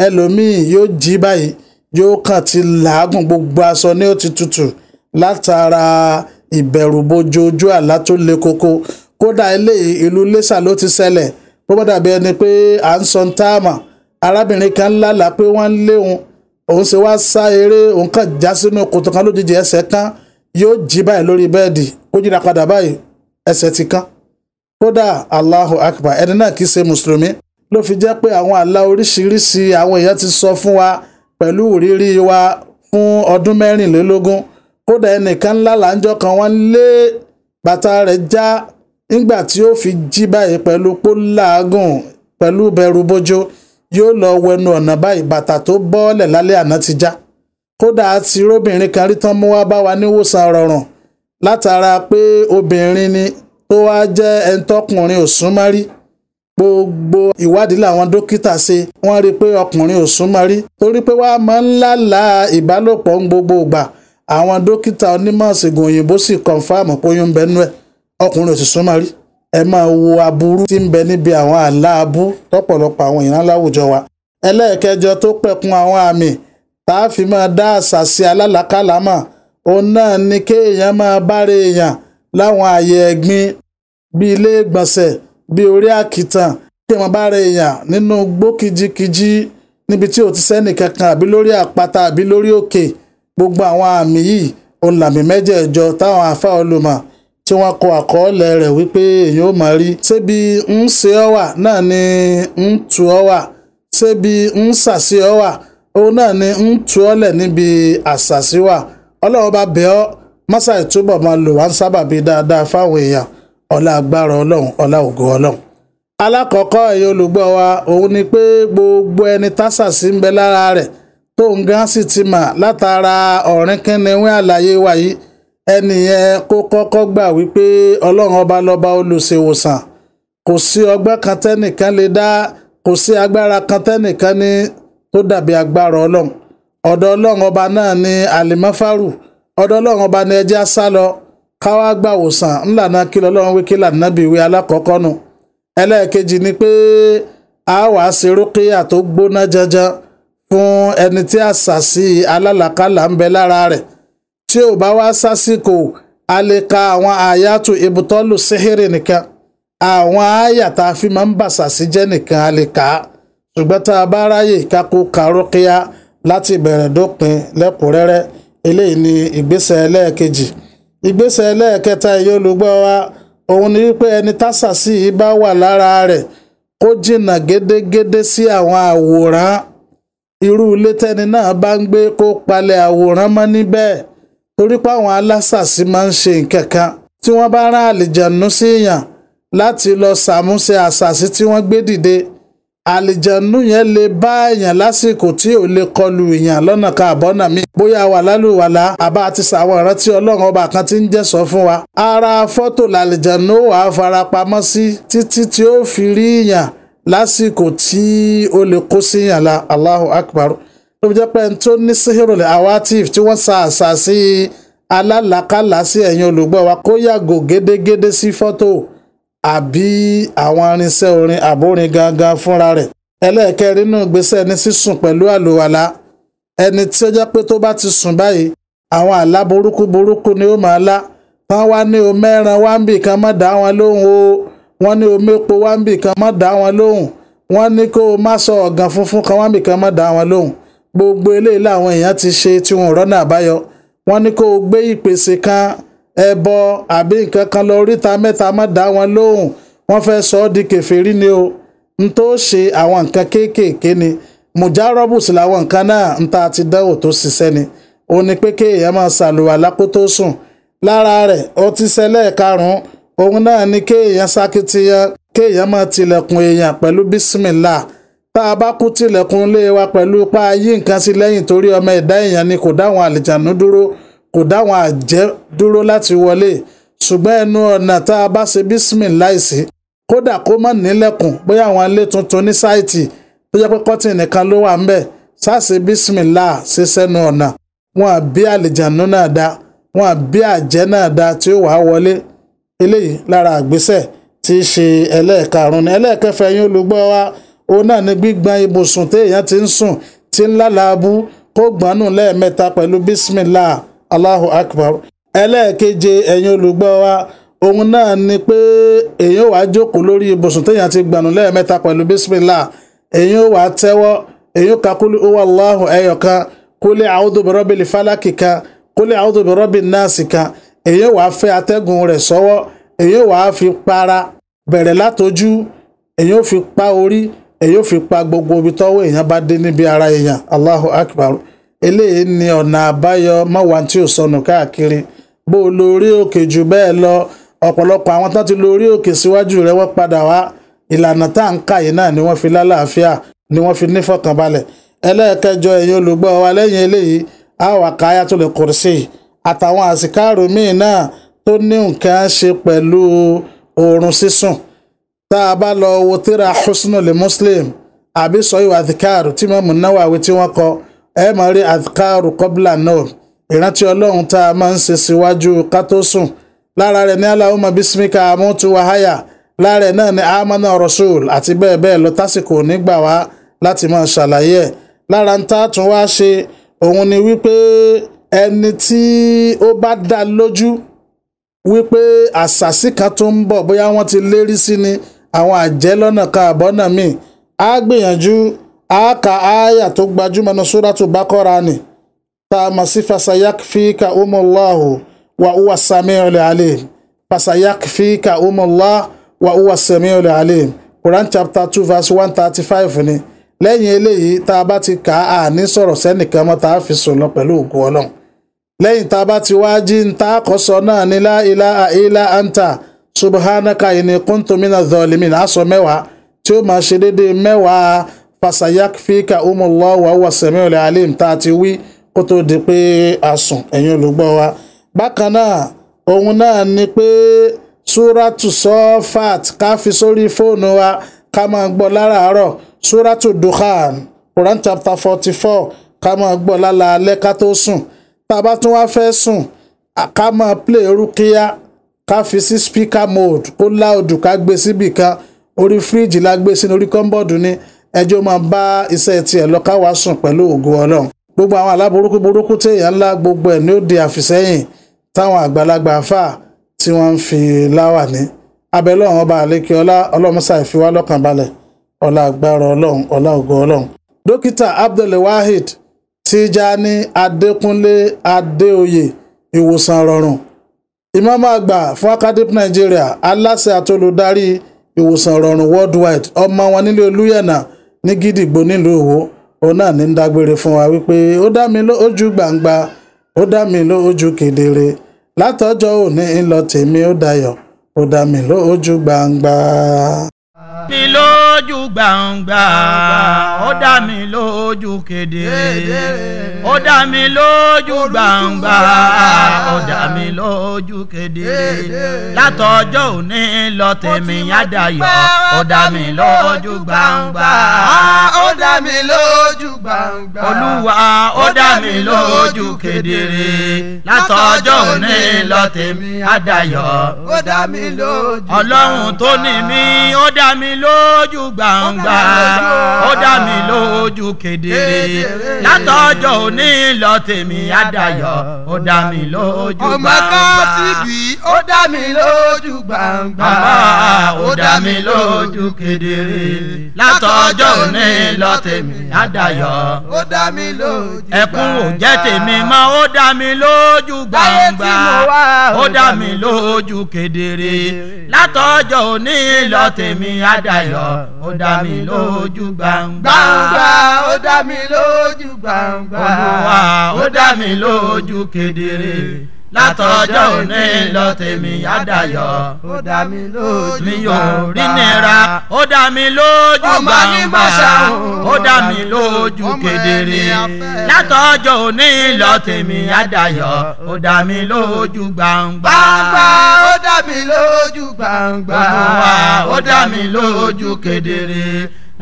ẹlòmíì yóò jí báyìí yóò kàn ti làágùn gbogbo aṣọ ní ó ti tutù látara ìbẹ̀rùbojo ojú àlá tó le koko kódà eléyìí ìlú lẹ́sà ló ti ṣẹlẹ̀ bó bá dàbí ẹni pé à ń sọ ń arábìnrin kan lálàá pé wọ́n ń lé òun òun ṣe wá sá eré òun kàn já sínú kòtò kan lójijì ẹsẹ̀ kan yóò jí báyìí lórí bẹ́ẹ̀dì kó jìnnà padà báyìí ẹsẹ̀ ti kan kódà Allahu Akbar ẹni náà kì í ṣe mùsùlùmí ló fi jẹ́ pé àwọn àlá oríṣiríṣi àwọn èèyàn ti sọ fún wa pẹ̀lú ìrírí wa fún ọdún mẹ́rìnlélógún kódà ẹnìkan ńlá làǹjọ́ kan wọ́n lé bàtà rẹ̀ já nígbà tí ó fi jí báyìí pẹ̀lú pólàgùn pẹ̀lú bẹ̀rù bójó yóò lọ wẹnu ọ̀nà báyìí bàtà tó bọ́ọ̀lẹ̀ lálẹ́ àná ti já kódà àti róbìnrin kan rí tán mú wá bá wa níwòsàn rọrùn látara pé obìnrin ni tó wá jẹ́ ẹ̀ńtọ́kùnrin ò súnmọ́ rí gbogbo ìwádìí làwọn dókítà ṣe wọ́n rí i pé ọkùnrin ò súnmọ́ rí torí pé wàá máa ń lálà ìbálòpọ̀ ń gbogbo ìgbà àwọn dókítà onímọ̀ ṣègùn òyìnbó sì kọ̀ǹfàmù pé oyún ń bẹ́nu ẹ̀ ọkùnrin ò ẹ máa wo aburú tí ń bẹ níbi àwọn abu tọpọlọpọ lọ́pọ̀lọpọ̀ àwọn ìran láwùjọ wa ẹlẹ́ẹ̀kẹjọ tó to àwọn àmì tá a fi máa dá àṣà sí alálàkálà naa òun náà ni kéèyàn máa bára èèyàn láwọn egbin bi bíi ilé bi bíi orí àkìtàn kí wọ́n bára èèyàn nínú kijikiji níbi tí ò ti sẹ́nì kankan àbí lórí àpáta àbí lórí òkè gbogbo àwọn àmì yìí òun làmì táwọn àfa olùmọ̀ tí wọ́n kọ àkọọ́lẹ̀ rẹ wípé èyàn ó máa rí ṣébi ń ṣe ọ wà náà ni ń tu ọ́ wà ṣébi ń ṣàṣe ọ wà òun náà ni ń tu ọ́ lẹ̀ níbi àṣàṣe wà ọlọ́run bá bẹ̀ ọ́ mọ́sà ìtúbọ̀ máa lò wá ń sábàbí dáadáa fáwọn èèyàn ọlá agbára ọlọ́run ọlá ògo ọlọ́run. alákọ̀ọ́kọ́ ẹ̀yin olùgbọ́ wa òun ni pé gbogbo ẹni tásàsí ń bẹ lára rẹ̀ tóun gan sì ti mà látara ọ̀rìn àlàyé wa yìí ẹnìyẹn kó kọ́kọ́ gbà wípé ọlọ́run ọba lọ́ba olùṣèwòsàn kò sí ọgbẹ́ kan tẹ́nìkan lè dá kò sí agbára kan tẹ́nìkan ní tó dàbí agbára ọlọ́run ọ̀dọ̀ ọlọ́run ọba náà ni àlìmọ́fárù ọ̀dọ̀ ọlọ́run ọba ni ẹjẹ́ sá lọ káwá gbà wòsàn ńlànà kí lọ́lọ́run lànà bí ìwé alákọ̀ọ́kọ́ a wàá ṣe rókèyà tó gbóná janjan fún ẹni tí àṣàṣì alálàkálà ń bẹ lára rẹ̀ tí ò bá wá sásìkò a lè ka àwọn àyàtò ìbùtọ́lù síhìrì nìkan àwọn àyà tá a fi máa ń bàṣàṣì jẹ́ nìkan a lè kà á ṣùgbọ́n tá a bá ráyè kákó kàrókíá láti bẹ̀rẹ̀ dópin lẹ́kùnrẹ́rẹ́ eléyìí ni ìgbésẹ̀ ẹlẹ́ẹ̀kejì ìgbésẹ̀ ẹlẹ́ẹ̀kẹta wa òun ni wípé ẹni tásàsì yìí bá wà lára rẹ̀ kó jìnnà gédégédé sí àwọn àwòrán irú ilé torí pé àwọn alásàsí máa ń ṣe nǹkan kan tí wọ́n bá rán àlìjànú sí èèyàn láti lọ ṣàmúṣe àṣàsí tí wọ́n gbé dìde àlìjànú yẹn lè bá èèyàn lásìkò tí ò lè kọlu èèyàn lọ́nà kan àbọ́nà mi bóyá wà lálùwàlá àbá àti sàwọn ìrántí ọlọ́run ọba kan ti ń jẹ́sọ̀ fún wa. ara fọ́tò làlìjànú wà á farapamọ́ sí títí tí ó fi rí èèyàn lásìkò tí ó lè kó síyàn la Allahu Akbar tó fi jẹ́ pé ẹni tó ní síhìrò lè awatif tí wọ́n sa àṣà sí alálàkálà sí ẹ̀yin olùgbọ́ wa kó yàgò gédégédé sí fọ́tò àbí àwọn irinṣẹ́ orin àbórin gangan fúnra rẹ̀ ẹlẹ́ẹ̀kẹrin nínú ìgbésẹ̀ ẹni sísùn pẹ̀lú àlùwàlá ẹni tí ó jẹ́ pé tó bá ti sùn báyìí àwọn àlá burúkú burúkú ni ó máa lá tán wá ní omi ẹran wá ń bì kan má dá wọn lóhùn o wọ́n ní omi epo wá ń bì kan má dá wọn lóhùn wọ́n ní kó o má sọ ọ̀gàn funfun kan wá ń bì kan má dá wọn lóhùn gbogbo eléyìí làwọn èèyàn ti ṣe tí wọn ò rọ́nà àbáyọ wọ́n ní kó o gbé ìpèsè kan ẹbọ àbí nǹkan kan lọ oríta mẹ́ta má dá wọn lóhùn wọ́n fẹ́ sọ ọ́ di kèfèrí ni o n tó ṣe àwọn nǹkan kéékèèké ni mùjárọ́bù sí làwọn nǹkan náà n ta ti dánwò tó ṣiṣẹ́ ni ó ní pé kéèyàn máa ṣàlùwà lákòótó sùn lára rẹ̀ ó ti ṣẹlẹ̀ karùn òun náà ni kéèyàn sakitiyan kéèyàn máa tilẹ̀kùn èèyàn pẹ̀lú bísímìlá tá a bá kú tilẹ̀kùn lé wa pẹ̀lú pa yí nǹkan sí lẹ́yìn torí ọmọ ẹ̀dá èèyàn ni kò dáwọn àlìjànú dúró kò dáwọn àjẹ́ dúró láti wọlé ṣùgbọ́n ẹnu ọ̀nà tá a bá ṣe bísímìláì sí kódà kó mọ̀ nílẹ̀kùn bóyá àwọn ilé tuntun ní sáìtì tó jẹ́ pé kọ́tìn nìkan ló wà ń bẹ̀ sáàsì bísímìlá ṣe sẹ́nu ọ̀nà wọn àbí àlìjànú náà dá wọn àbí àjẹ́ náà dá tí ó wàá wọlé eléyìí lára àgbésẹ̀ tí í ṣe ẹlẹ́ẹ̀karùn-ún ẹlẹ́ẹ̀kẹfẹ́ yín olùgbọ́ wa òun náà ni gbígba ibùsùn téèyàn ti ń sùn ti ń lálàábú kó gbọ́nù lẹ́ẹ̀mẹ́ta pẹ̀lú bísímìlà alahu akbar ẹlẹ́ẹ̀keje ẹ̀yin olùgbọ́ wa òun náà ni pé joko wàá jókòó lórí ibùsùn gbanu ti gbọ́nù lẹ́ẹ̀mẹ́ta pẹ̀lú bísímìlà wa wàá tẹ́wọ́ ka kúlẹ̀ owó Allahu ẹ̀yọ̀kan kúlẹ̀ kan kúlẹ̀ a'udhu nasi kan èyàn fi pa orí ẹ yóò fi pa gbogbo ibi tọ́wọ́ èèyàn bá dé níbi ara èèyàn Allahu Akbar eléyìí ni ọ̀nà àbáyọ mọ́wàá tí ò sọnù káàkiri bó o lo orí òkè jù bẹ́ẹ̀ lọ ọ̀pọ̀lọpọ̀ àwọn tán ti lo orí òkè síwájú rẹ̀ wọ́n padà wá ìlànà tá à ń kà yìí náà ni wọ́n fi lálàáfíà ni wọ́n fi nífọ̀kànbalẹ̀ ẹlẹ́ẹ̀kẹjọ ẹ̀yin olùgbọ́ wa lẹ́yìn eléyìí a wà ká Ayatul Kursi àtàwọn àsìkáàrò míì náà tó ní nǹkan ṣe pẹ̀lú oorun sísùn tá a bá lọ wo tíra husnul muslim àbí sọyìn adhikaru tí Imam Nawawi tí wọ́n kọ ẹ máa rí adhikaru qabla nawm ìrántí ọlọ́run tá a máa ń ṣe síwájú ká tó sùn lára rẹ̀ ní Allahumma bismika amutu wa haya lára ẹ̀ náà ni amana rasul àti bẹ́ẹ̀ bẹ́ẹ̀ lọ tásìkò nígbà wá láti máa ṣàlàyé ẹ̀ lára ń tá a tún wá ṣe òun ni wípé ẹni tí ó bá dá lójú wípé àṣàsí kan tó ń bọ̀ bóyá wọ́n ti lérí sí ni àwọn àjẹ́ lọ́nà kan àbọ́nà míì á gbìyànjú á ka ááyà tó gbajúmọ̀ ní suratu Baqara ni tá a mọ̀ sí fasayakfika umullahu wa huwa samiul alim fasayakfika umullah wa huwa samiul alim Quran chapter two verse one thirty five ni lẹ́yìn eléyìí tá a bá ti kà á ní sọ̀rọ̀ sẹ́nìkan mọ́ tá a fi sùn lọ pẹ̀lú ògùn ọlọ́run lẹ́yìn tá a bá ti wá jí ń tá a náà ní la ilaha illa anta subhanaka ìní kúntù mina zọlímìn aṣọ mẹ́wàá tí ó máa ṣe déédéé mẹ́wàá fasayak fika umullah wa huwa samiul alim tá a ti wí kó tó di pé a sùn ẹ̀yin olùgbọ́ wa bákan náà òun náà ni pé súrátù sọfàt ká fi sórí fóònù wa ká máa gbọ́ láràárọ̀ súrátù dukhan quran chapter forty four ká máa gbọ́ lálaalẹ́ ká tó sùn tá a bá tún wá fẹ́ sùn ká máa play rúkíyá ká fi sí speaker mode ó láòdù ká gbé síbì kan orí fíríjì la gbé sínú orí kọ́ńbọ̀dù ni ẹjọ́ máa bá iṣẹ́ tiẹ̀ lọ káwa sùn pẹ̀lú ògo ọlọ́run gbogbo àwọn aláburúkú burúkú téèyàn ńlá gbogbo ẹ̀ ní ó di àfìsẹ́yìn táwọn àgbàlagbà fà tí wọ́n ń fi láwà ní abẹ́lẹ́ ọ̀hún ọba àlékè ọlá ọlọ́mọṣà ìfiwá lọ́kàn balẹ̀ ọlá agbára ọlọ́run ọlá ògo ọlọ́run. dókítà abdulwahid Tijani Adékúnlé Adéoyè ìwòsàn rọrùn ìmáàmù àgbà fún academic Nigeria aláṣẹ dari ìwòsàn ìrọ̀rùn worldwide ọmọ wọn nílé olúyẹ̀nà ní gídìgbò nílùú Ìwó òun náà ní dágbére fún wa wípé ó dá mi lójú gbangba ó dá mi lójú kedere látọjọ́ òní ń tèmi ó dayọ̀ ó dá mi lójú gbangba. mi lójú gbangba ó dá mi lójú kedere ó dá mi lójú gbangba ó dá mi lójú kedere látọjọ́ òní lọ tèmi yá dayọ̀ ó dá mi lójú gbangba. Ah, ó dá mi lójú gbangba. olúwa ó dá mi lójú kedere. látọjọ́ òní lọ tèmi àdáyọ̀. ó dá mi lójú gbangba. ọlọ́run tó ní mi ó dá mi lójú gbangba. ó dá mi lójú kedere. látọjọ́ òní lọ tèmi àdáyọ̀. ó dá mi lójú gbangba. ọmọ kan ti bì ó dá mi lójú gbangba. bàbá ó dá mi lójú kedere. látọjọ́ òní lọ lọ tèmi á dayọ̀. ó dá mi lójú gbàngbà. ẹkún ò jẹ́ tèmi mọ́ ó dá mi lójú gbàngbà. ó dá mi lójú kedere. látọjọ́ òní lọ tèmi á dayọ̀. ó dá mi lójú gbàngbà. ó dá mi lójú gbàngbà. olúwa ó dá mi lójú kedere látọjọ́ òní lọ tèmi àdàyọ ó dá mi lójú mi yóò rí nira ó dá mi lójú gbangba ó dá mi lójú kedere látọjọ́ òní lọ tèmi àdàyọ ó dá mi lójú gbangba ó dá mi lójú gbangba ó dá mi lójú kedere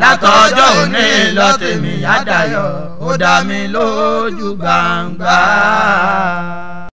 látọjọ́ òní lọ tèmi àdàyọ ó dá mi lójú gbangba.